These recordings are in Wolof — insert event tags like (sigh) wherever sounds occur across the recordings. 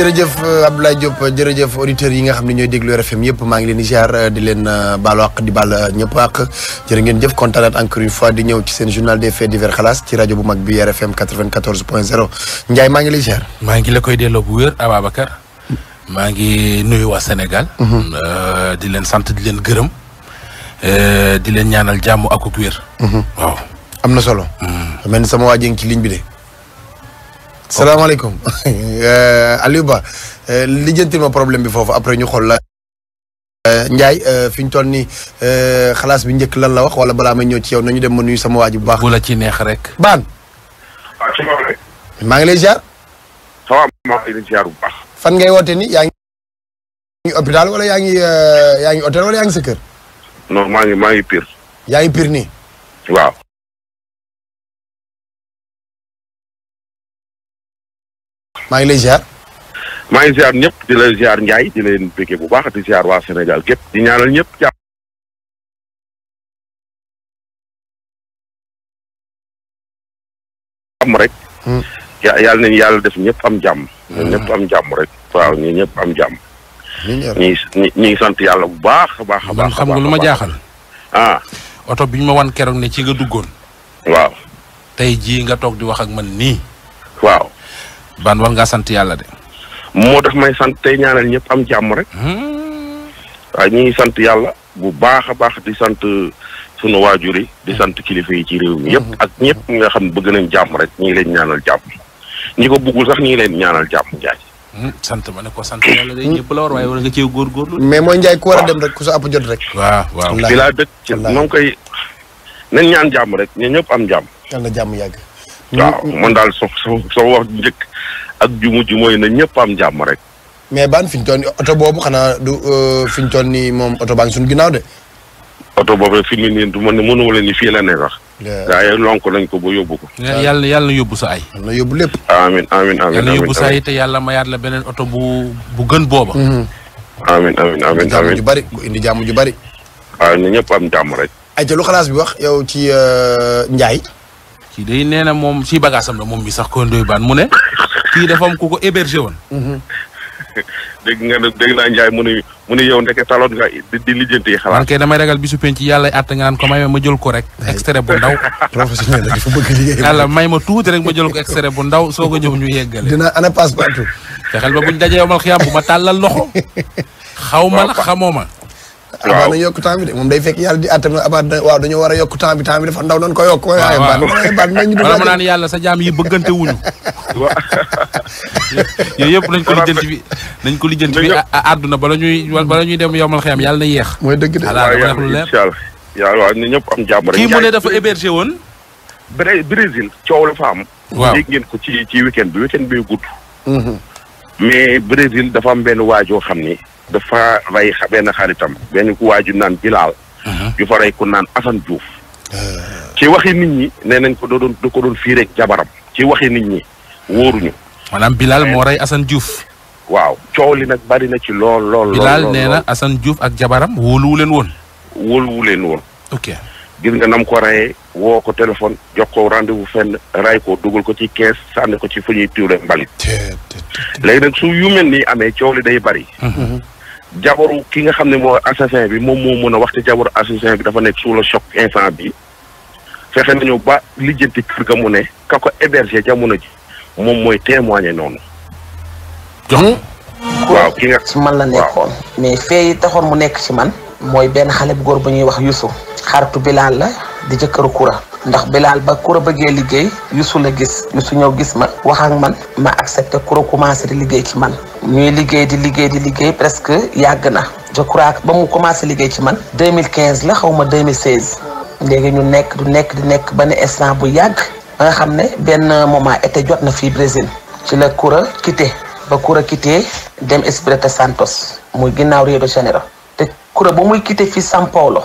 jërëjëf euh, Abdoulaye Diop jërëjëf auditeurs yi nga xam ne ñooy déglu RFM yëpp maa ngi leen di ziar euh, di leen euh, baalu àq di baal ñëpp àq jërë ngeen jëf kontaanaat encore une fois di ñëw ci seen journal des faits divers xalaas ci rajo bu mag bi RFM 94 point 0 Ndiaye maa ngi lay ziar. maa ngi la koy delloo a wér Ababacar. maa ngi nuyu waa Sénégal. Mhm. di leen sant di leen gërëm. di leen ñaanal jàmm akuk wér. Mhm. am na solo. Mm. mel sama waa jëng ci ligne bi de. salaamaaleykum (laughs) euh, Aliou Ba euh, lijjantil ma problème bi foofu après ñu xool la. Euh, Ndiaye fi ñu toll nii xalaas bi njëkk lan la wax wala balaa ma ñëw ci yow nañu dem ma nuyu sama waa bu baax. bu la ci rek. baan. Ah, maa ngi lay ziar. ça va maa ngi lay ziar bu baax. fan ngay woote ni yaa ngi hôpital wala yaa ngi yaa wala yaa ngi sa kër. non maa ngi maa yaa ngi Pire nii. waaw. maa ngi lay ziar. maa ngi ziar ñëpp di lay ziar njaay di leen béggee bu baax di ziar waa Sénégal gépp di ñaanal ñëpp jàpp. am rek. Hmm. yàlla nañu def ñëpp am jàmm. Hmm. ñëpp am jàmm rek. waaw ñi ñëpp am jàmm. ñi ñi ngi sant yàlla bu baax a baax a baax. xam nga lu ma jaaxal. ah. oto bi ñu ma wan keroog ne ci nga duggoon. waaw. tey jii nga toog di wax ak man nii. waaw. ban war sant yàlla de. moo tax may sant te ñaanal ñëpp am jàmm rek. Hmm. waaw ñu ngi sant yàlla bu baax a baax di sant uh, sunu waajur yi di sant kilifa yi ci réew mi yëpp ak hmm. ñëpp ñi nga xam bëgg nañ jàmm rek ñu ngi leen ñaanal jàmm ñi ko bëggul sax ñu ngi leen ñaanal jàmm Ndiaye. Hmm, sant ma ne ko sant yàlla day ñëpp la war waaye war nga cee góorgóorlu. mais mooy Ndiaye a dem rek ku sa rek. waaw waaw bi laa dëkk ci moom koy nañ ñaan jàmm rek ñun ñëpp am jàmm. yàlla jàmm yàgg. daal so so wax njëkk. ak ju mujj mooy na ñëpp am jàmm rek. mais ban fi ñu toll nii oto boobu xanaa du euh, fi ñu toll nii moom oto baa ngi suñu ginnaaw de. oto boobu fi mu ne nii du ma ne mënuma leen ni fii la ne sax. waaye lonk nañ ko ba yóbbu ko. yàlla yàlla na yóbbu sa ay. na yóbbu lépp. amiin amiin amiin yàlla yóbbu sa ay te yàlla mayaat la beneen oto bu bu gën booba. Mhm. amiin amiin amiin amiin ju bari indi jàmm ju bari. waaw na ñëpp am jàmm rek. ay ca lu xalaas bi wax yow ci euh, Ndiaye. kii day nee na moom ci bagaasam la moom bi sax ko Ndoye Bane mu ne. kii dafa am ku ko hébergé woon. (laughs) dégg na ne dégg naa Ndiaye mu ne mu ne yow ndeke taloon nga di di lijjanti xalaat. man kay damay ragal bisu penc yàlla àtt nga naan ko may ma jël ko rek. extrait bu ndaw. (laughs) professionnel la dafa bëgg liggéey. yàlla may ma tuuti rek ma jël ko extrait bu ndaw soo ko ñëw ñu yeggale. dina ana passe partout. fexeel ba buñ dajee yomal xiyam bu ma tàllal loxo. (laughs) xaw ma la xamoo ma. waaw abaa nañu yokk temps bi de moom day fekk yàlla di àttam abaa waaw dañoo war a yokk temps bi temps bi dafa ndaw nañu ko yokk. waaw waaye ban waaye ban nañu. wala mu naan yàlla sa jaam yi bëggante wuñu. waaw. (laughs) yooyu yëpp nañ ko lijjanti bi nañ ko lijjanti bi àdduna bala ñuy bala ñuy dem yomal xiyam yàlla na yéex. mooy dëgg de waaw yàlla incha allah yàlla waaw ñëpp am jàmm rek. kii mu ne dafa hébergé woon. Brésil coow la fa am. waaw dégg ngeen ko ci ci weekend bi weekend bi gudd. Mm-hmm. mais Brésil dafa am benn waajoo xam ne dafa rey benn xaritam benn ku waaju naan Bilal. yu uh-huh. fa rey ku naan Assane Diouf. Uh. ci waxi nit ñi nee nañ ko doo doon da ko doon fii rek jabaram ci waxi nit ñi wóoruñu. maanaam Bilal moo rey Assane Diouf. waaw coow li nag bari na ci lool lool. lool lool Bilal nee na Assane Diouf ak jabaram wóoluwu leen woon. wóoluwu leen woon. ok. gis nga nam ko rayee woo ko téléphone jox ko rendez-vous fenn ray ko dugal ko ci kees sànni ko ci fu ñuy tuule mbalit léegi nag su yu mel nii amee coow li day bari mm-hmm. jabaru ki nga xam ne moo assassin bi moom moo mën a wax te jabaru assassin bi dafa nekk sous le choc instant bi fexe nañu ba lijjanti kër mu ne ka jamono ji moom mooy témoigner noonu jox hmm? waaw ki nga man la nekkoon mais fee taxoon mu nekk ci man mooy benn xale bu góor bu ñuy wax Yuusu xaritu Bilaal la di jëkkëru Kura ndax Bilaal ba Kura bëggee liggéey Yuusu la gis Yuusu ñëw gis ma wax ak man ma accepté Kura commencé di liggéey ci man ñuy liggéey di liggéey di liggéey presque yàgg na je crois ba mu commencé liggéey ci man 2015 la xaw ma 2016 léegi ñu nekk du nekk di nekk ba ne instant bu yàgg ba nga xam ne benn moment été jot na fii Brésil ci la Kura quitté ba Kura kité dem Espírito Santos muy ginnaaw Rio de Koura ba muy quitté fi São Paulo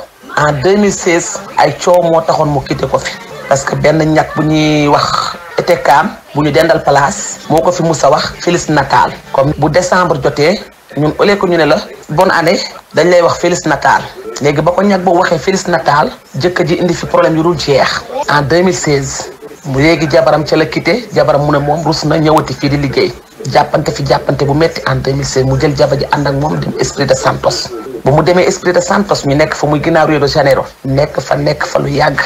en 2016 ay coow moo taxoon mu quitté ko fi parce que benn ñàkk bu ñuy wax etekaam bu ñu dendal place moo ko fi musa wax feliz nataal comme bu décembre jotee ñun ole ko ñu ne la bon année dañ lay wax feliz nataal léegi ba ko ñàkk boo waxee feliz nataal jëkkër ji indi fi problème yu dul jeex en 2016 mu léegi jabaram ca la quitté jabaram mu ne moom rus na ñëwati fii di liggéey jàppante fi jàppante bu metti en mu jël jabar ji ànd ak moom d Esprit de Santos ba mu demee esprit de Santos mi nekk fa muy ginnaaw Rio de nekk fa nekk fa lu yàgg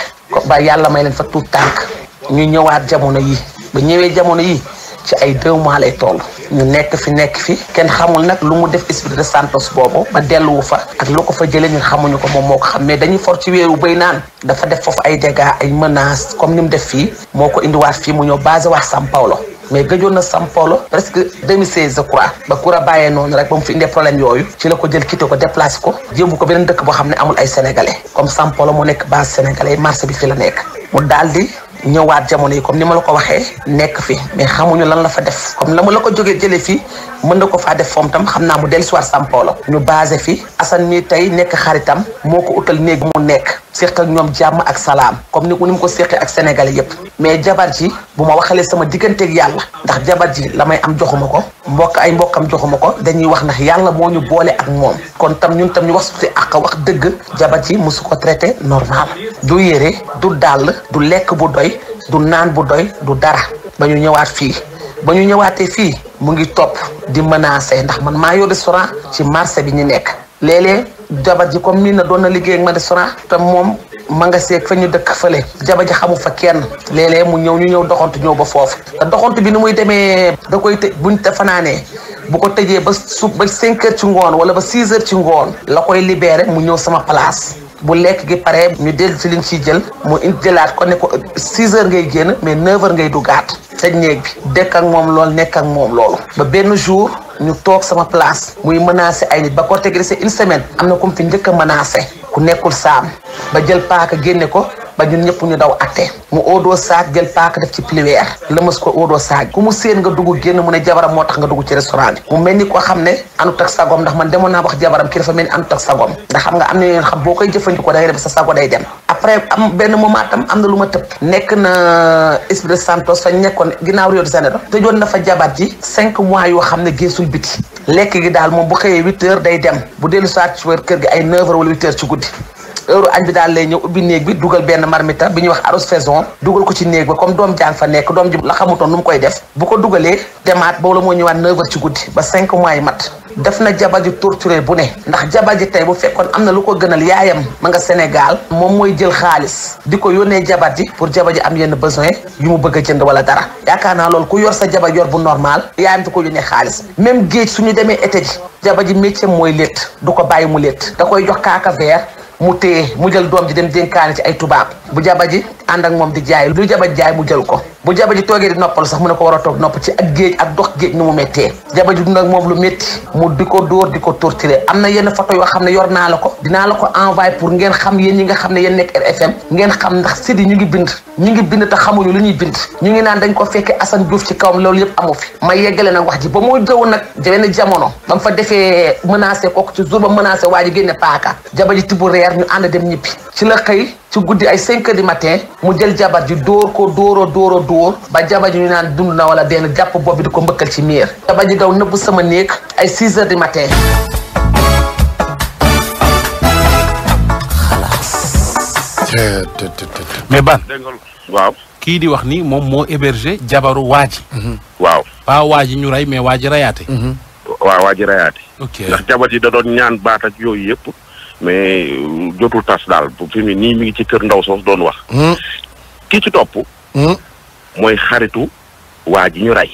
ba yàlla may leen fa tuut tànk ñu ñëwaat jamono yi ba ñëwee jamono yi ci ay deux mois lay toll ñu nekk fi nekk fi kenn xamul nag lu mu def esprit de Santos boobu ba delluwu fa ak lu ko fa jëlee ñun xamuñu ko moom moo ko xam mais dañuy for ci wéeru bay naan dafa def foofu ay dégâts ay menaces comme ni mu def fii moo ko indiwaat fii mu ñëw basé wax São Paulo mais gëjoon na Sampolo presque 2016 je crois ba Koura bàyyee noonu rek ba mu fi indee problème yooyu ci la ko jël quitté ko déplacé ko ko beneen dëkk boo xam ne amul ay sénégalais comme Sampolo mu nekk base sénégalais marché bi fi la nekk mu daal di ñëwaat jamono yi comme ni ma la ko waxee nekk fi mais xamuñu lan la fa def comme la ma la ko jógee jëlee fii mën na ko faa def foom tam xam naa mu dellusiwaat Sampolo ñu basé fi Assane mi tey nekk xaritam moo ko utal néeg mu nekk séq ak ñoom jàmm ak salaam comme ni ni mu ko séqee ak sénégalais yépp mais jabar ji bu ma waxalee sama digganteek yàlla ndax jabar ji la may am joxuma ko mbokk ay mbokkam joxuma ko dañuy wax ndax yàlla moo ñu boole ak moom kon tam ñun tam ñu wax suti ak wax dëgg jabar ji mosu ko traité normal du yére du dàll du lekk bu doy du naan bu doy du dara ba ñu ñëwaat fii ba ñu ñëwaatee fii mu ngi topp di menacer ndax man maa yor restaurant ci marché bi ñu nekk léeg jabar ji comme nii na doon na liggéey ak ma restaurant te moom manga nga seeg fa ñu dëkk fële jabar ji xamu fa kenn léeg mu ñëw ñu ñëw doxantu ñëw ba foofu te doxantu bi nu muy demee da koy tëj buñ te fanaanee bu ko tëjee ba su ba cinq ci ngoon wala ba six ci ngoon la koy libéré mu ñëw sama place bu lekk gi pare ñu del si liñ ciy jël mu in jëlaat ko ne ko six heures ngay génn mais neuf heures ngay duggaat sa néeg bi dëkk moom loolu nekk ak moom loolu ba benn jour ñu toog sama place muy menacé ay nit ba ko tegri c'est une semaine am na comme fi njëkk a menacé ku nekkul saam ba jël paaka génne ko ba ñun ñëpp ñu daw atte mu oodoo saak jël paaka def ci pliweer lëmas ko oodoo saak ku mu seen nga dugg génn mu ne jabaram moo tax nga dugg ci restaurant bi mu mel ni koo xam ne anut ak sagoom ndax ma demoon naa wax jabaram ki dafa mel ni anut ak sagoom ndax xam nga am na yoon xam boo koy jëfandikoo da ngay dem sago day dem après am benn moment tam am na lu ma tëb nekk na Esprit Santos fa nekkoon ginnaaw Rio de Janeiro tëjoon na fa jabaat ji cinq mois yoo xam ne géesul biti lekk gi daal moom bu xëyee huit day dem bu dellu saat ci wër kër gi ay neuf heures wala ci guddi heure añ bi daal lay ñëw ubbi néeg bi dugal benn marmita bi ñu wax arros faison dugal ko ci néeg ba comme doom jàng fa nekk doom ji la xamutoon nu mu koy def bu ko dugalee demaat boobu la moo ñëwaat 9 heures ci guddi ba 5 mois yi mat def na jabar ji torturé bu ne ndax jabar ji tey bu fekkoon am na lu ko gënal yaayam ma nga Sénégal moom mooy jël xaalis di ko yónnee jabar ji pour jabar ji am yenn besoin yu mu bëgg a jënd wala dara yaakaar naa loolu ku yor sa jabar yor bu normal yaayam di ko yónnee xaalis même géej suñu demee été ji jabar ji métier mooy létt du ko bàyyi mu létt da koy jox kaaka mu téye mu jël doom ji dem dénkaane ci ay tubaab bu jaba ji ànd ak moom di jaay lu jaba jaay mu jël ko bu jaba ji toogee di noppal sax mu ne ko war a toog nopp ci ak géej ak dox géej ni mu méttee jaba ji moom lu métti mu ko dóor di ko torturé am na yenn photo yoo xam ne yor naa la ko dinaa la ko envoyé pour ngeen xam yéen ñi nga ne yéen nekk RFM ngeen xam ndax Sidi ñu ngi bind ñu ngi bind te xamuñu lu ñuy bind ñu ngi naan dañ ko fekkee Assane Diouf ci kaw loolu yëpp amu fi ma yeggale nag wax ji ba mu jëw nag benn jamono ba mu fa defee menacé kooku ci jour ba menacé waa ji génne paaka jaba ji tibu reer ñu ànd dem ñibbi ci la xëy ci guddi ay cinq heures du matin mu jël jabar ji dóor ko dóor a dóor a dóor ba jabar ji ñu naan dund na wala deen jàpp bopp bi di ko mbëkkal ci miir jabar ji daw nëbb sama néeg ay six heures du matin mais ban waaw kii di wax ni moom moo hébergé jabaru waaji mhm. waaw pas waaji ñu rey mais waaji rayaate waa waaji rayaate mhm. ok ndax jabar ji da doon ñaan baat ak yooyu yëpp mais jotul euh, tas daal fi mu nii mi ngi ci kër ndaw soos doon wax. Hmm. ki ci topp. Hmm. mooy xaritu waa ji ñu rey.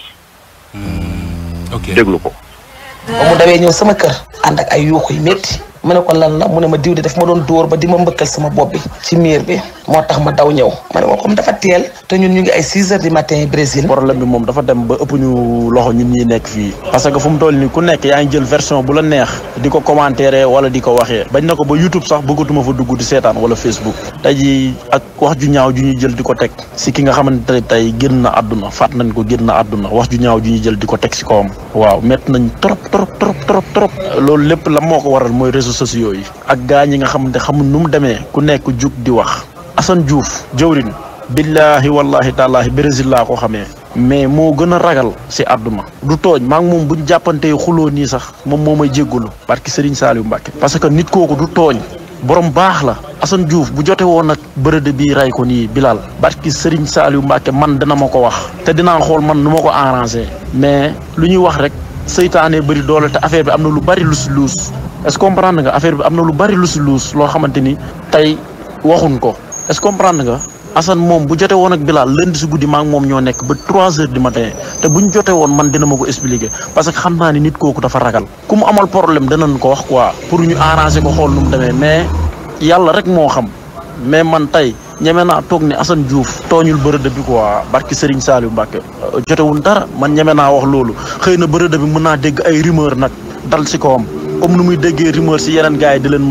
Hmm. ok déglu ko. ba dawee ñëw sama kër ànd ak ay yuuxu yu métti. mu ne ko lan la mu ne ma diw de daf ma doon dóor ba di ma mbëkkal sama bopp bi ci miir bi moo tax ma daw ñëw ma ko comme dafa teel te ñun ñu ngi ay 6 heures du matin Brésil. problème bi moom dafa dem ba ëpp ñu loxo ñun ñuy nekk fii parce que fu mu nii ku nekk yaa ngi jël version bu la neex di ko commentaire wala di ko waxee bañ na ko ba YouTube sax bëggatuma fa dugg di seetaan wala Facebook tey jii ak wax ju ñaaw ju ñuy jël di ko teg si ki nga xamante ne tey génn na àdduna faat nañ ko génn na àdduna wax ju ñaaw ju ñuy jël di ko teg si kawam waaw métti nañ loolu lépp la moo ko waral sociaux yi ak gaa ñi nga xamante xamul nu mu demee ku nekk jug di wax Assane Diouf jëwrin billaahi wallaahi taalaahi Brésil laa ko xamee mais moo gën a ragal si àdduna du tooñ maa ngi moom buñ jàppantee xuloo nii sax moom moo may jéggulu parce que Serigne Saliou Mbacke parce que nit kooku du tooñ borom baax la Assane Diouf bu jote woon nag bërëd bii rey ko nii Bilal barki Serigne Saliou Mbacke man dana ma ko wax te dinaa xool man nu ma ko arrangé mais lu ñuy wax rek seytaane bëri doole te affaire bi am na lu bari luus luus est-ce nga affaire bi am na lu bari si luus loo xamante ni tey waxuñ ko est nga Assane moom bu jote woon ak Bilal lundi si moom ñoo nekk ba trois heures du te buñ jote woon man dina ma ko expliquer parce que xam naa ni nit kooku dafa ragal ku mu amal problème danañ ko wax quoi pour ñu arranger ko xool nu mu demee mais yàlla rek moo xam mais man tey ñeme naa toog ne Assane Diouf tooñul bërëdë bi quoi barki Serigne Saliou Mbacke jotewun dara man ñeme naa wax loolu xëy na bërëdë bi mën naa dégg ay rumeur nag dal si kawam comme nu muy déggee rumeur si yeneen gars yi di leen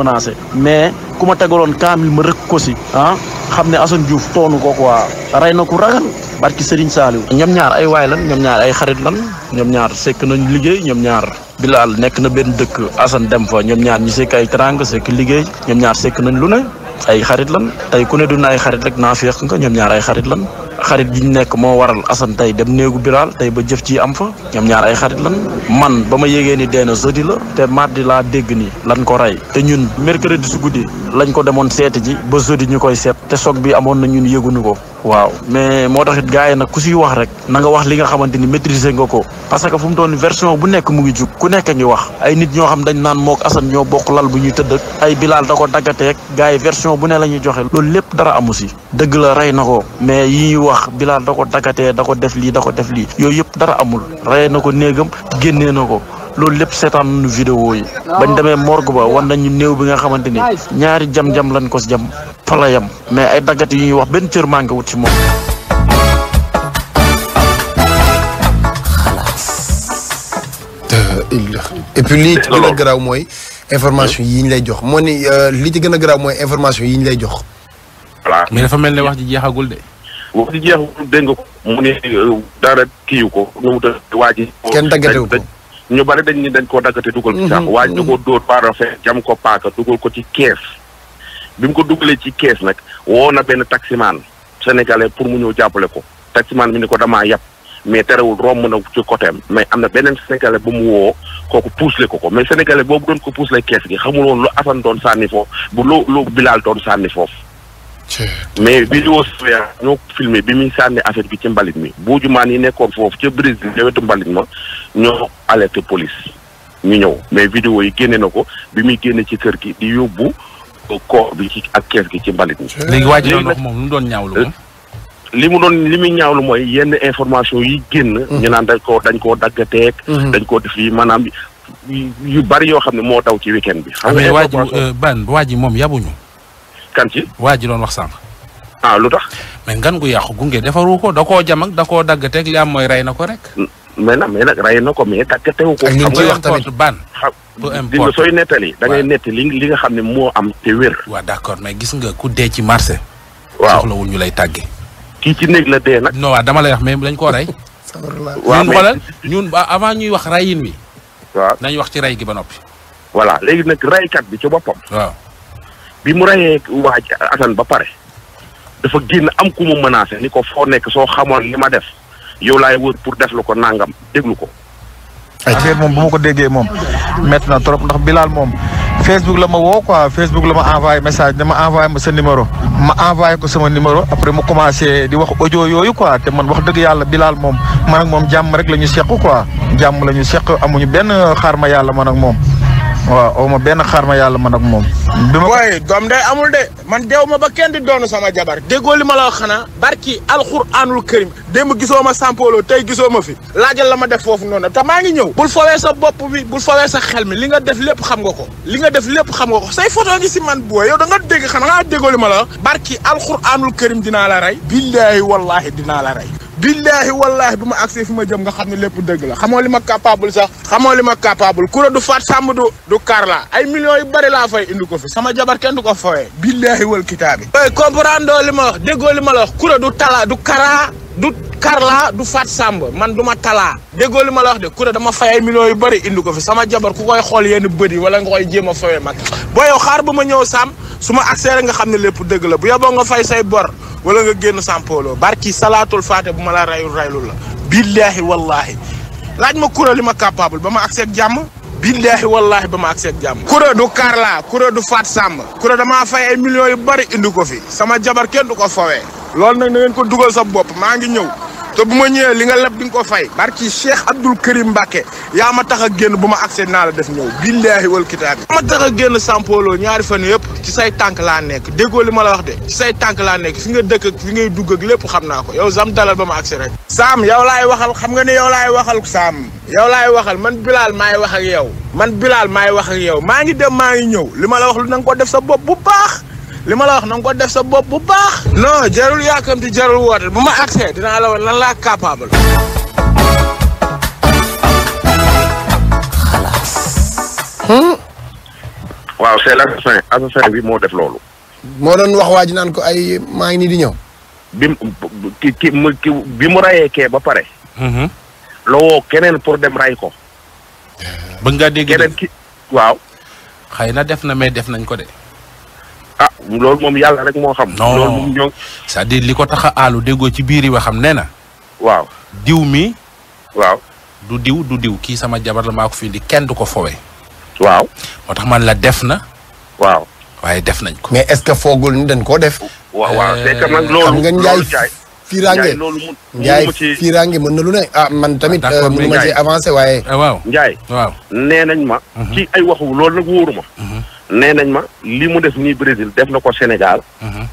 mais ku ma tegaloon kaamil ma rëkk ko si ah xam ne Assane Diouf toonu ko quoi rey na ku ragal barki Serigne Saliou ñoom ñaar ay waay lan ñoom ñaar ay xarit lan ñoom ñaar sekk nañ liggéey ñoom ñaar Bilal nekk na benn dëkk Assane dem fa ñoom ñaar ñu sekk ay teranga sekk liggéey ñoom ñaar sekk nañ lu ne ay xarit lan tey ku ne du na ay xarit rek naa feex nga ñoom ñaar ay xarit lan xarit gi ñu nekk moo waral Assane tey dem néegu Biral tey ba jëf ci am fa ñoom ñaar ay xarit lan man ba ma yégee ni dee na jeudi la te mardi laa dégg ni lan ko rey te ñun mercredi su guddi lañ ko demoon seeti ji ba jeudi ñu koy seet te soog bi amoon na ñun yëguñu ko waaw mais moo taxit gars yi nag ku siy wax rek na nga wax li nga xamante ni maîtriser nga ko parce que fu mu toll version bu nekk mu ngi jug ku nekk ngi wax ay nit ñoo xam dañ naan moog Assane ñoo bokk lal bu ñuy tëdd ay Bilal da ko daggateeg gars yi version bu ne la ñuy loolu lépp dara amu si wax Bilal da ko dagatee da ko def lii da ko def lii yooyu yëpp dara amul rey na ko néegam génnee na ko loolu lépp seetaan nañu vidéo yi bañ demee morgue ba wan ñu néew bi nga xamante ni ñaari jam-jam lañ ko jam fa la yam mais ay dagat yu ñuy wax benn cër manqué wut ci moom. Euh, et puis lii ci gën a mooy information yi ñu lay jox moo ni euh, gën a garaaw mooy information yi lay jox. dafa mel ne wax ji jeexagul de. wax ji jeexul dégg nga ko mu ne euh, dara kiiw ko ñu wutal waa ji. kenn daggatewu ko ñu bari dañ ni dañ koo daggate dugal. ci saako mm-hmm, waa ji ko mm-hmm. koo dóor parafet jam ko paaka dugal ko ci kees. bi mu ko dugalee ci kees nag woo na benn taximaan sénégalais pour mu ñëw jàppale ko taximaan mu ni ko damaa yàpp mais terewul romb na ci côté mais am na beneen sénégalais bu mu woo kooku puusle ko ko mais sénégalais boobu doon ko puusle kees gi xamuloon lu Assane doon sànni foofu bu lu lu Bilal doon sànni foofu. mais vidéo surveillance ñoo filmé bi muy sànni affaire bi ci mbalit mi buujumaan yi nekkoon foofu ca Brésil ca wetu mbalit ma ñoo alerté police ñu ñëw mais vidéo yi génne na ko bi muy génne ci kër gi di yóbbu koor bi ci ak kees gi ci mbalit mi. léegi waa ji moom lu mu doon ñaawlu moom. Euh, li mu doon li muy ñaawlu mooy yenn information yi génn. Mm-hmm. ñu naan dañ koo dañ koo daggateeg. Mm-hmm. dañ koo def lii maanaam yu bari yoo xam ne moo daw ci wiken bi. xam nga ah, waa ji euh, ban waa ji moom yabuñu. kan ci. waa ji doon wax sànq. ah lu tax. mais ngan gu yàqu gunge defaru ko da koo jam ak da koo dagg teg li am mooy rey na ko rek. mais nag mais rey na ko mais tàgg teewu da ngay li li ne moo am te wér. waaw d'accord mais gis nga ku dee ci marché. waaw soxlawul ñu lay ci néeg la dee nag. non waaw dama lay wax mais dañ koo rey. (laughs) waaw ñun xoolal ñun avant ñuy wax reyin wi. waaw nañ wax ci rey gi ba noppi. voilà léegi nag reykat bi ci boppam. waaw. bi mu rayee waaj Assane ba pare dafa génn am ku mu menacé ni ko foo nekk soo xamoon li ma def yow laay wër pour def la ko nangam déglu ko. ay affaire moom bu ma ko déggee moom métti na trop ndax Bilal moom Facebook la ma woo quoi Facebook la ma envoyé message dama envoyé ma sa numéro. ma envoyé ko sama numéro après mu commencé di wax audio yooyu quoi te man wax dëgg yàlla Bilal moom man ak moom jàmm rek la ñu seq quoi jàmm la ñu seq amuñu benn xaar ma yàlla man ak moom. waaw oo ma benn xaar ma yàlla man ak moom. bi ma waaye doom day amul de man deew ma ba kenn di doonu sama jabar. déggoo li ma la wax xanaa barki alxuraanul karim démb gisoo ma sampolo tey gisoo ma fi laajal la ma def foofu noonu te maa ngi ñëw. bul fawee sa bopp bi bul fawee sa xel mi li nga def lépp xam nga ko li nga def lépp xam nga ko say photo ngi si man booy yow da nga dégg xanaa déggoo li ma la wax. barki alxuraanul karim dinaa la rey. billaahi wallaahi dinaa la rey. billaahi wallaahi bu ma agsee fu ma jëm nga xam ne lépp dëgg la xamoo li ma capable sax xamoo li ma capable kura du faat sàmm du du ay millions yu bari laa fay indi ko fi sama jabar kenn du ko fawee billaahi wal ma wax wax kura du tala du karaa du karla du faat sàmb du ma talaa déggoo li ma la wax de kura dama fay ay yu bëri indi ko fi sama jabar ku koy xool yenn bëri wala nga koy jéem a fawee mag boo yow xaar ba ma ñëw sàmm su ma agsee rek nga xam ne lépp dëgg la bu yoboo nga fay say bor wala nga génn sampolo barki salaatul faate bu ma la rayul rayul la billaahi wallaahi laaj ma kura li ma capable ba ma agsi ak jàmm billaahi wallaahi ba ma agsi ak jàmm kura du karla kura du faat sàmm kura damaa fay ay yu bari indi ko fi sama jabar kenn du ko fawee loolu nag na ngeen ko dugal sa bopp maa ngi ñëw te bu ma ñëwee li nga lab di nga ko fay barki Cheikh Abdoul Karim Mbacke yaa ma tax a génn bu ma accès naa la def ñëw billaahi wal kitaab yaa ma tax a génn Sampolo ñaari fan yëpp ci say tànk laa nekk déggoo li ma la wax de ci say tànk laa nekk fi nga dëkk fi ngay dugg lépp xam naa ko yow sam dalal ba ma accès rek Saam yow laay waxal xam nga ne yow laay waxal Saam yow laay waxal man Bilal maay wax ak yow man Bilal maay wax ak yow maa ngi dem maa ngi ñëw li ma la wax lu ko def sa bopp bu baax li ma la wax na ko def sa bopp bu baax. non jarul yàkkamti jarul woote bu ma accès dinaa la wan lan laa capable. waaw c'est l'assassin assassin bi moo def loolu. moo doon wax waa ji naan ko ay maa ngi nii di ñëw. bi ki bi mu rayee kee ba pare. Mhm. la woo keneen pour dem ray ko. bëgg ngaa dégg keneen ki waaw. xëy na def na mais def nañ ko de. ah loolu moom yàlla rek moo xam. loolu moom ñoo c'est-à-dire li ko tax a déggoo ci biir yi xam nee na. waaw diw mi. waaw du diw du diw kii sama jabar la maa ko fi indi kenn du ko fowe. waaw moo tax man la def na. waaw waaye def nañ ko. mais est-ce que foogul ni dañ koo def. waaw waaw euh, c'est que nag loolu xam nga Ndiaye fiiraange Ndiaye fiiraange mën na lu ne ah man tamit. Ah, euh, mënu ma ci avancé waaye. Eh, waaw Ndiaye. waaw nee nañ ma. ci mhm. ay waxu lool nag wóoru nee nañ ma li mu def nii Brésil def na ko Sénégal. Uh-huh.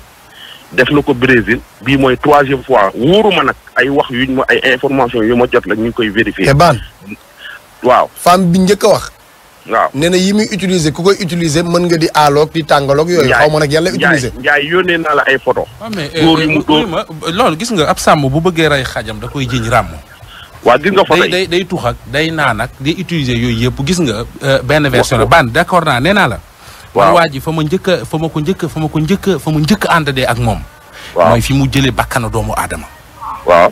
def na ko Brésil bii mooy troisième fois ma nag ay wax yuñ ma ay information yu ma jot la ñu ngi koy vérifier. te baan waaw. femme bi njëkk a wax. waaw nee na yi muy utiliser ku koy utiliser mën nga di aaloog di tàngaloog yooyu. xaw ma nag yàlla utiliser Ndiaye yónnee naa la ay photo ah, euh, euh, dóor yu mu gis nga ab sàmm bu bëggee rey xajam da koy jëñ ràmm. waa gis nga photo yi day day tux ak day naan ak day utiliser yooyu yëpp gis nga euh, benn version la baan d'accord naa nee naa la. waaw waa ji fa ma njëkk a fa ma ko njëkk fa ma ko njëkk fa ma njëkk àndadee ak moom. waaw mooy fi mu jëlee bakkana doomu aadama. waaw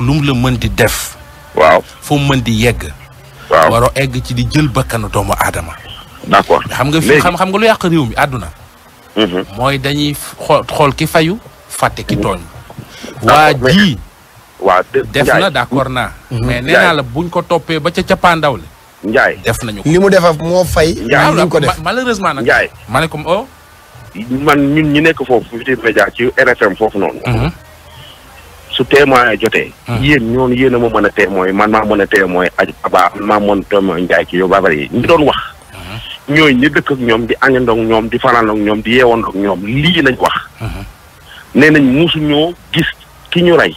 lu mu la mën di def. waaw mën di yegg. waaw egg ci di jël bakkana aadama. d'accord xam nga fi xam xam nga lu yàq réew mi àdduna. Mm-hmm. mooy dañuy xool xool ki fayu fàtte ki mm-hmm. tooñ. waa ji. waaw def na d'accord naa. Mm-hmm. mais nee naa la buñ ko toppee ba ca cappaandaw le Ndiaye def nañu ko li mu defa moo fay. li ñu ko def malheureusement nag. Ndiaye ma ne comme oh. man ñun ñu nekk foofu Futurs Médias ci RFM foofu noonu. Mhm. su témoin jotee. Mhm. yéen ñoon yéen a ma mën a témoin man maa mën a témoin aj abaa man maa mën témoin Ndiaye ci yow ba bari ñu doon wax. Mhm. ñooy ñu dëkk ñoom di añandoo ak ñoom di fanaandoo ak ñoom di yeewandoo ak ñoom lii nañu wax. nee nañ musuñoo gis ki ñu rey.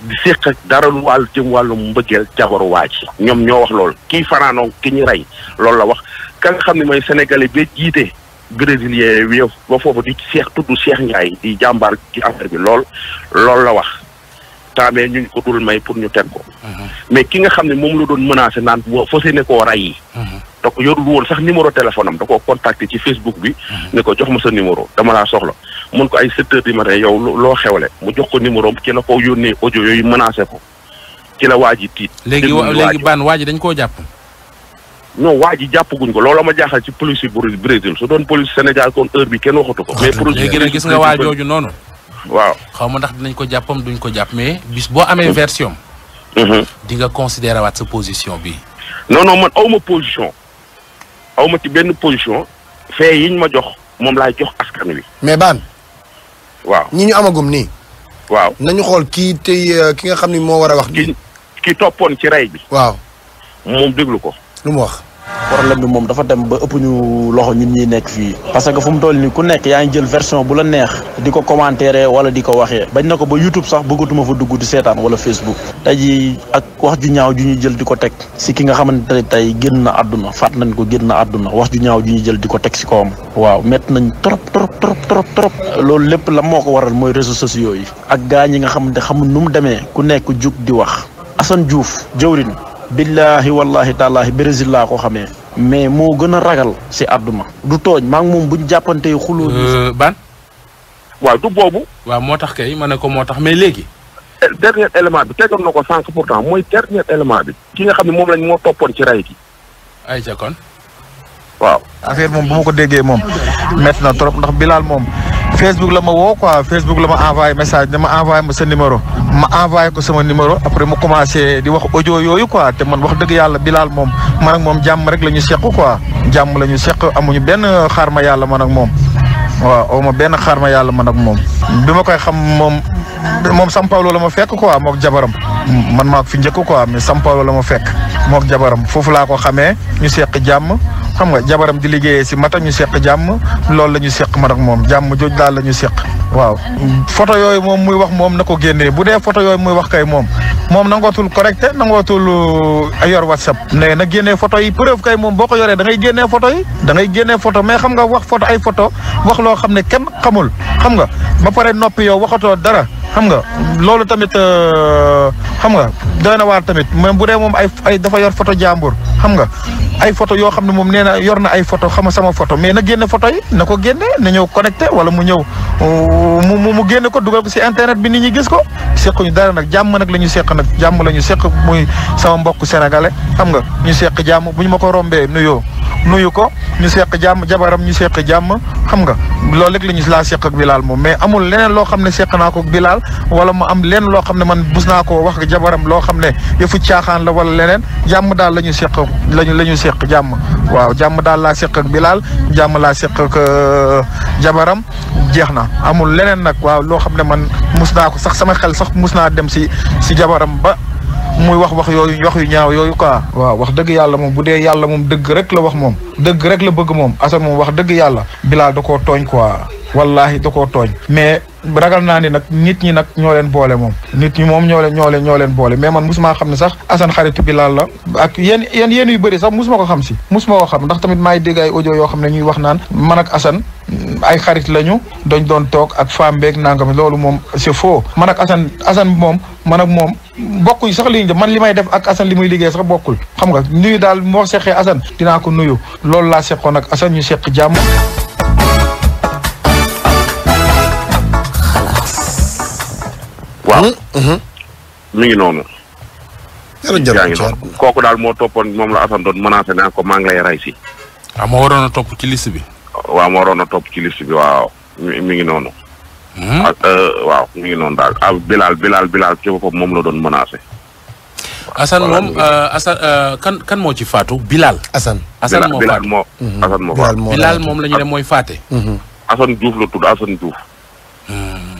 di séq dara lu wàllu jëm wàllum mbëggeel jabaru waa ji ñoom ñoo wax lool kii fanaanoo ki ñu rey loolu la wax ka nga xam ne mooy sénégalais ba jiite brésilien bi ba foofu di seex tudd Cheikh Ndiaye di jàmbaar ci affaire lool loolu la wax taamee ñu ko dul may pour ñu teg ko uh-huh. mais ki nga xam ne moom la doon menacé naan fa see ne koo rey yi uh-huh. donc yorul woon sax numéro téléphone am da koo contacté ci Facebook bi uh-huh. ne ko jox ma sa numéro dama laa soxla mun ko ay sept heures du matin yow loo xewle mu jox ko numéro am ki la ko yónnee audio yooyu menacé ko ci la waa ji tiit. léegi léegi baan waa ji dañ koo jàpp. non waa ji jàppaguñ ko loolu ma jaaxal ci police yi Brésil su doon police Sénégal kon heure bi kenn waxatu ko. Ah, mais police léegi nag gis nga waa jooju noonu. waaw xaw ma ndax dinañ ko jàppam duñ ko jàpp mais bis boo amee mm-hmm. version. Mm-hmm. di nga considéré waat sa position bi. non non man aw ma position aw ma ci benn position fee yiñ ma jox moom laay jox askan wi. mais baan. waaw ñi ñu amagum nii. waaw nañu xool kii tey euh, ki nga xam ni moo war a wax. kii kii toppoon ci ray bi. waaw moom déglu ko. lu mu wax. problème bi moom dafa dem ba ëpp ñu loxo ñun ñuy nekk fii parce que fu mu toll nii ku nekk yaa ngi jël version bu la neex di ko commenter wala di ko waxee bañ na ko ba YouTube sax bëggatuma fa dugg di seetaan wala Facebook tey jii ak wax ju ñaaw ju ñu jël di ko teg si ki nga xamante ne tey génn na àdduna faat nañ ko génn na àdduna wax ju ñaaw ju ñuy jël di ko teg si kawam waaw métti nañ trop trop trop trop trop loolu lépp la moo ko waral mooy réseaux sociaux yi ak gaa ñi nga xam xamante xamul nu mu demee ku nekk jug di wax Assane Diouf jëwrin billaahi wallaahi taalaahi Brésil laa ko xamee. mais moo gën a ragal si àdduma. du tooñ maa moom buñ jàppantee xuloo. Euh, ban. waaw du boobu. waaw moo tax kay ma ne ko moo tax mais léegi. dernier élément bi tegoon na ko sànq pourtant mooy dernier élément bi. ki nga xam ne moom lañ moo toppoon ci ray gi. ay ca kon. waaw. affaire moom bu ma ko déggee moom métti na trop ndax Bilal moom. Facebook la ma woo quoi Facebook la ma envoyé message ne ma envoyé ma sa numéro ma envoyé ko sama numéro après mu commencé di wax audio yooyu quoi te man wax dëgg yàlla Bilal moom man ak moom jàmm rek la ñu seq quoi jàmm la ñu seq amuñu benn xaar ma yàlla man ak moom. waaw aw ma benn xaar ma yàlla man ak moom bi ma koy xam moom moom São Paulo la ma fekk quoi mook jabaram man maa fi njëkk quoi mais São Paulo la ma fekk mook jabaram foofu laa ko xame ñu seq jàmm. xam nga jabaram di liggéeyee si mata ñu seq jàmm loolu la ñu seq man moom jàmm jooj daal la ñu seq waaw foto yooyu moom muy wax moom na ko génnee bu dee photo yooyu muy wax kay moom moom nangootul correcté nangootul euh, yor whatsapp ne na génnee photo yi preuve kay moom boo ko yoree da ngay génnee photo yi da ngay génnee mais xam nga wax photo ay photo wax loo xam ne kenn xamul xam nga ba pare noppi yow waxatoo dara xam nga loolu tamit euh, xam nga doy na waar tamit même bu dee moom ay ay dafa yor photo jàmbur xam nga ay foto yoo xam ne moom nee na yor na ay foto xam nga sama foto mais na génne photo yi na ko génne na ñëw connecté wala mu ñëw mu mu génne ko dugal ko si internet bi nit ñi gis ko ñu dara nag jàmm nag la ñu seq nag jàmm la ñu seq muy sama mbokk sénégalais xam nga ñu seq jàmm bu ñu ma ko rombee nu yoo nuyu ko ñu seq jàmm jabaram ñu seq jàmm xam nga loolu rek la ñu laa seq ak Bilal moom mais amul leneen loo xam ne seq naa ko ak Bilal wala mu am leneen loo xam ne man bus naa koo wax jabaram loo xam ne yëfu caaxaan la wala leneen jàmm daal la ñu lañu la ñu seq jàmm waaw jàmm daal laa seq ak Bilal jàmm laa seq ak euh, jabaram jeex na amul leneen nag waaw loo xam ne man mus naa ko sax sama xel sax mus naa dem si si jabaram ba muy wax wax yooyu wax yu ñaaw yooyu quoi waaw wax dëgg yàlla moom bu dee yàlla moom dëgg rek la wax moom dëgg rek la bëgg moom Assane moom wax dëgg yàlla Bilal da koo tooñ quoi wallahi da koo tooñ mais ragal naa ni nag nit ñi nag ñoo leen boole moom nit ñi moom ñoo leen ñoo leen boole mais man musuma xam ne sax Assane xaritu Bilal la ak yéen yéen yéen yu bëri sax musuma ko xam si musuma ko xam ndax tamit maay dégg ay audio yoo xam ne ñuy wax naan man ak Assane ay xarit lañu dañ doon toog ak femme beeg nangam loolu moom c'est faux man ak Assane Assane moom man ak moom bokkuñ sax li man li may def ak Assane li muy liggéey sax bokkul xam nga nuyu daal moo seqee Assane dinaa ko nuyu loolu laa seqoon ak Assane ñu seq jàmm waaw. Mhm. mi ngi noonu. yaa ngi noonu kooku daal moo toppoon moom la Assane doon menacé naa ko maa ngi lay rey ah, moo waroon a topp ci liste bi. waaw moo waroon a topp ci liste bi waaw mi ngi noonu. Hmm? Ah, euh, waaw mi ngi noonu daal ah Bilal Bilal Bilal ci boppam moom la doon menacé. Assane moom euh, euh, kan kan moo ci faatu Bilal. Assane Assane moo faatu Bilal moo mhm. Bilal moom la ne mooy faate. Mhm. Assane Diouf la tudd Assane Diouf. Hmm.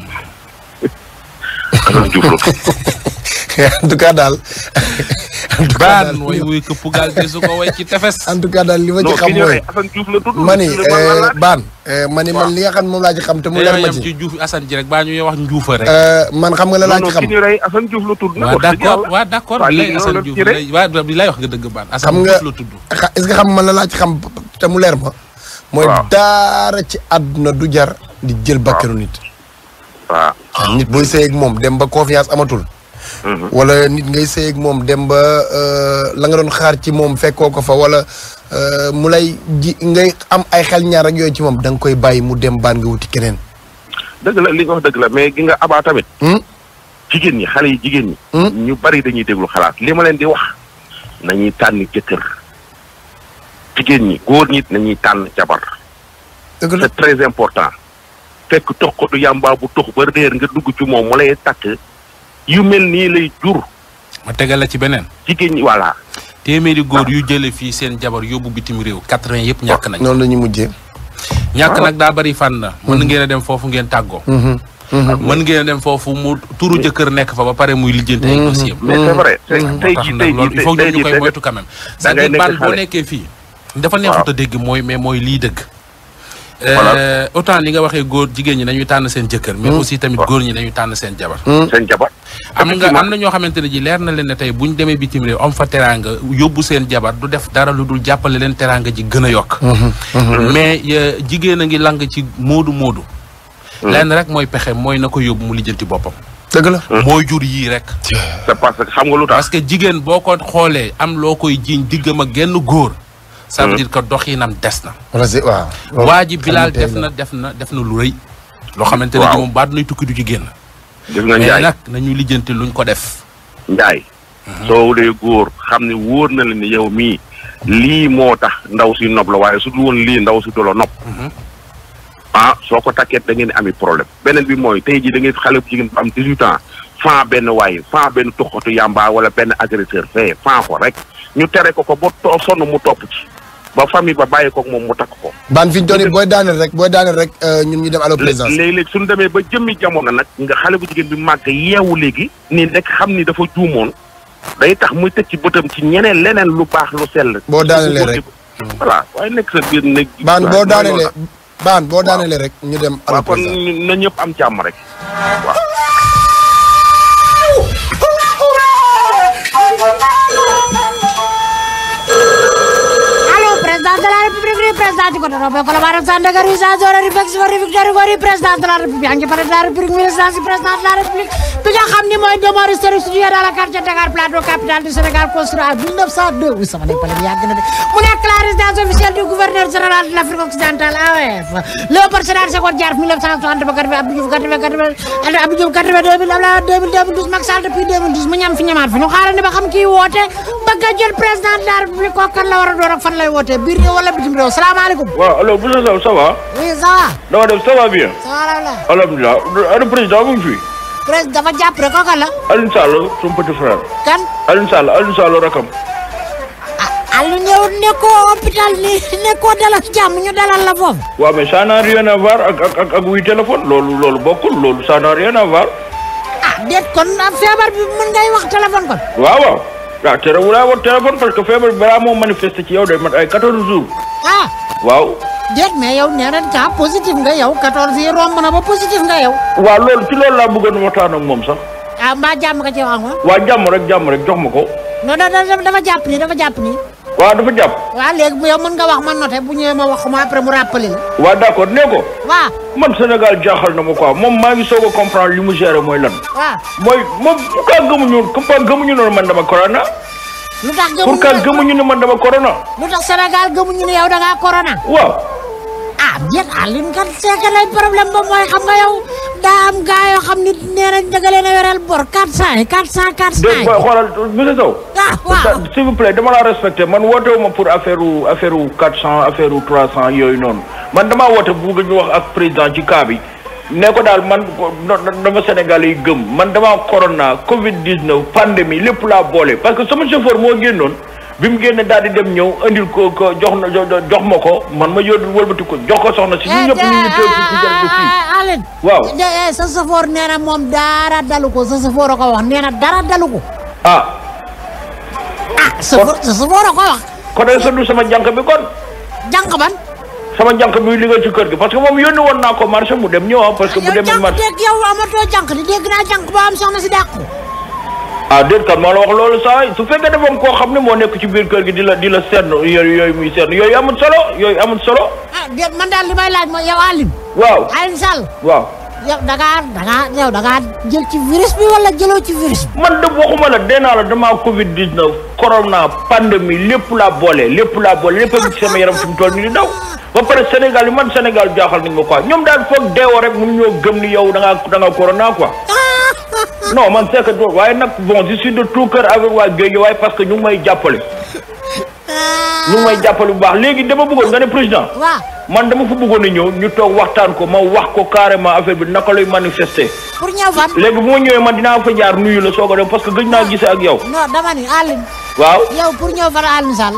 Assane Diouf (laughs) en tout cas daal. en tout cas daal mooy wuy këpp gaal te ci tefes. (laughs) en tout cas daal li ma ci xam mooy ma ni euh, baan euh, ma ni man li nga xam moom laa ci xam te mu leer ma ci. ci Diouf Assane ji rek wax Ndioufa rek. Euh, man xam nga la laa ci xam. waaw d'accord waaw d'accord lay Assane lay wax nga dëgg baan. Assane Diouf la tudd xam nga que xam man la laa ci xam te mu leer ma. mooy daara ci àdduna du jar di jël bakkanu nit. waaw. nit booy sëy moom dem ba confiance amatul. Mhm. wala nit ngay sëy moom dem ba euh, la nga doon xaar ci moom fekkoo ko fa wala euh, mu lay ji ngay am ay xel ñaar ak yooyu ci moom da nga koy bàyyi mu dem baan nga wuti keneen. dëgg la li nga wax dëgg la mais gi nga abaa tamit. Hmm? jigéen ñi xale yi jigéen hmm? ñu bari dañuy déglu xalaat li ma leen di wax nañuy tànn jëkkër. jigéen ñi góor ñi nañuy tànn jabar. c'est très important. fekk tox ko du yàmbaa bu tox ba réer nga dugg ci moom mu lay takk yu mel nii lay jur. ma tegal la ci beneen. jigéen ñi voilà. Ah. góor yu jële fii seen jabar yóbbu bitim réew. quatre-vingts yëpp ñàkk nañ. noonu la ñu mujjee. ñàkk ah. nag daa bari fànn. mën mm-hmm. ngeen a dem foofu ngeen tàggoo. Mm-hmm. Mm-hmm. mën ngeen a dem foofu mu turu jëkkër nekk fa ba pare muy lijjanti ay dossier. mais c'est vrai tey jii tey jii il faut ñu koy moytu quand même. cest à boo nekkee fii. dafa neexut a dégg mooy mais mooy lii dëgg. voilà euh, autant li nga waxee góor jigéen ñi nañuy tànn seen jëkkër. mais hmm. aussi tamit góor ñi nañuy tànn seen jabar. Hmm. seen jabar. am am na ñoo xamante ne ji leer na leen ne tey bu ñu demee bitim réew am fa teraanga yóbbu seen jabar du def dara lu dul jàppale leen teraanga ji gën a yokk. Hmm. mais euh, jigéen a ngi lang ci moodu moodu. lenn rek mooy pexe mooy na ko yóbbu mu lijjanti boppam. dëgg la mooy jur yii rek. c'est parce que xam nga lu parce que jigéen boo ko xoolee am loo koy jiiñ diggam ak genn góor. ça veut dire que doxinam des na. waaw waa ji Bilal def na def na def na lu rëy. loo xamante ne moom baat ba tukki du ci génn. def na Ndiaye mais nag nañu lijjanti luñ ko def. Ndiaye. Mhm. soo dee góor xam ne wóor na la ni yow mii lii moo tax ndaw si nopp la waaye su du lii ndaw si du la nopp. Mhm. ah soo ko takkee da ngeen ami problème beneen bi mooy tey jii da ngeen xale bu jigéen bu am 18 ans fan benn waaye fan benn tuxatu yàmba wala benn agresseur fee fan ko rek ñu tere ko ba famille ba bàyyi koog moom mu takk ko. baan fi ñu doon booy daaneel rek booy daaneel rek euh, ñun ñu dem à la présidence. léeg demee ba jëmmi jamono nag nga xale bu jigéen bi màgg yeewu léegi. nii nekk xam ni dafa juumoon day tax muy tëj ci bëtam ci ñeneen leneen lu baax lu sell. boo daanelee rek voilà waaye nekk sa biir nekk. baan boo daanelee baan boo daanelee rek. ñu dem à la présidence na ñëpp am jàmm rek presidenti kutonope pala barazanda garuisa zora rifeksi varifik dari gori presidenti la republik hangi pada dari republik ministrasi presidenti la republik nga xam ni mooy a historique située dans le quartier Dakar Plateau capitale du Sénégal construit en 1902 oui sama nekk pale bi yàgg mu nekk la résidence officielle du gouverneur général de l'Afrique occidentale AOF e Léopold Sédar Senghor Diatta 1960 ba 80 Abdou Diouf 80 80 Abdou Diouf 80 2000 Abdoulaye Wade 2000 2012 mu ñam fi ñamaat fi ñu xaaral ne ba xam kii woote bëgg a jël de la République kooku la war a door ak fan lay woote biir réew wala presse dafa jàpp rek kooka la. Alioune Sall son petit frère. kan Alioune Sall Alioune ah, dalal jàmm ñu dalal la foofu. waaw mais ça n'a rien à voir téléphone loolu bokkul loolu ça n'a rien à voir. ah kon feebar bi mën ngay wax téléphone kon. waaw waaw ah terewul laa téléphone parce que feebar bi balaa moo manifester ci yow day mat ay 14 jours. ah waaw. déet mais yow nee nañ cas positif nga yow 14 yi romb na ba positif nga yow. waaw loolu ci loolu laa bëggoon waxtaan ak moom sax. ah mbaa jàmm nga ci wax jàmm rek jox ma ko. non non dafa jàpp nii dafa jàpp nii. waaw dafa jàpp. waaw léegi bu yow mën nga wax ma noté bu ñëwee ma wax ma après mu rappelé la. waaw nee ko. waaw man Sénégal jaaxal na ma quoi moom maa ngi soog a comprendre li mu géré mooy lan. waaw mooy moom pourquoi gëmuñu pourquoi gëmuñu noonu man dama corona. man dama corona. lu tax Sénégal gëmuñu ah yéen Alioune ah, kan seeke lay problème ba mooy xam nga yow daa am xam nit nee nañ njëgalee na yoreel quatre cent yi quatre cent quatre cent yi xoolal monsieur Sow ah waaw s'il vous plaît dama la respecté man woote wu ma pour affaire u affaire u cent affaire u trois cent yooyu noonu man damaa woote bugg ñu wax ak président ci cas bi ne daal man dama Sénégal yi gëm man damaa corona covid 19 pandémie lép laa boole parce que sama chauffeur moo génnoon bi mu génne daal di dem ñëw andil ko jox na jox ma ko man ma yóbbu wëlbati ko jox ko soxna si ñun ñëpp ñu ngi teew eh, eh, eh, ko sa safoor a ko wax nee ko. ah. ah sa ko wax. sama jànk bi kon. jànk ban. sama jànk bi liggéey ci kër gi parce que moom yónni woon naa ko marché mu dem ñëw parce que bu ah, demee marché yow jànk yow amatoo jànk di dégg naa jànk ba am soxna si dàq ah déet kat maa la wax loolu saa su fekkee dafa am koo xam ne moo nekk ci biir kër gi di la di la seetlu yooyu yooyu muy seetlu yooyu amul solo yooyu amul solo. ah déet man daal li may laaj mooy yow Aline. waaw Aline Sall. waaw. yow da ngaa da ngaa yow da ngaa jël ci virus bi wala jëloo ci virus bi. man de waxuma la dee naa la damaa Covid 19 corona pandémie lépp laa boole lépp laa boole lépp a sama yaram fi mu toll nii di daw. ba pare Sénégal yi man Sénégal jaaxal nañ ma quoi ñoom daal foog deewoo rek mun ñoo gëm ni yow da ngaa da ngaa corona quoi. non man c'est que waaye nag bon je suis de tout cœur avec waa Guèye waaye parce que ñu ngi may jàppale. Ah. ñu ngi may jàppale bu baax léegi dama bëggoon nga ne président. waaw man dama fa bëggoon a ñëw ñu toog waxtaan ko ma wax ko carrément affaire bi ko lay manifester. pour ñëw fan. léegi bu ñëwee man dinaa fa jaar nuyu la soog a dem parce que gëj naa gisee ak yow. non dama ni Alioune. waaw yow pour ñëw fan Alioune Sall.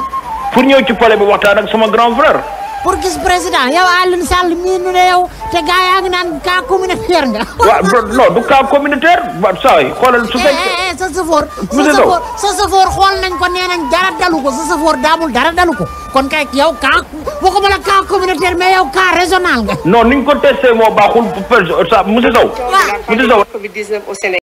pour ñëw ci palais bi waxtaan ak sama grand frère. pour gis président yow Alioune Sall mii nu ne yow te gars yaa ngi naan cas communautaire nga. (laughs) waaw non du cas communautaire ba saa yi xoolal su fekkee. Eh, eh, eh, sa safoor sa sa safoor xool nañ ko nee nañ dara dalu ko sa safoor daamul dara dalu ko kon kay yow cas waxuma la cas communautaire mais yow cas régional nga. non ni ñu ko testé moo baaxul monsieur Sow. monsieur Sow. Covid 19 au Sénégal.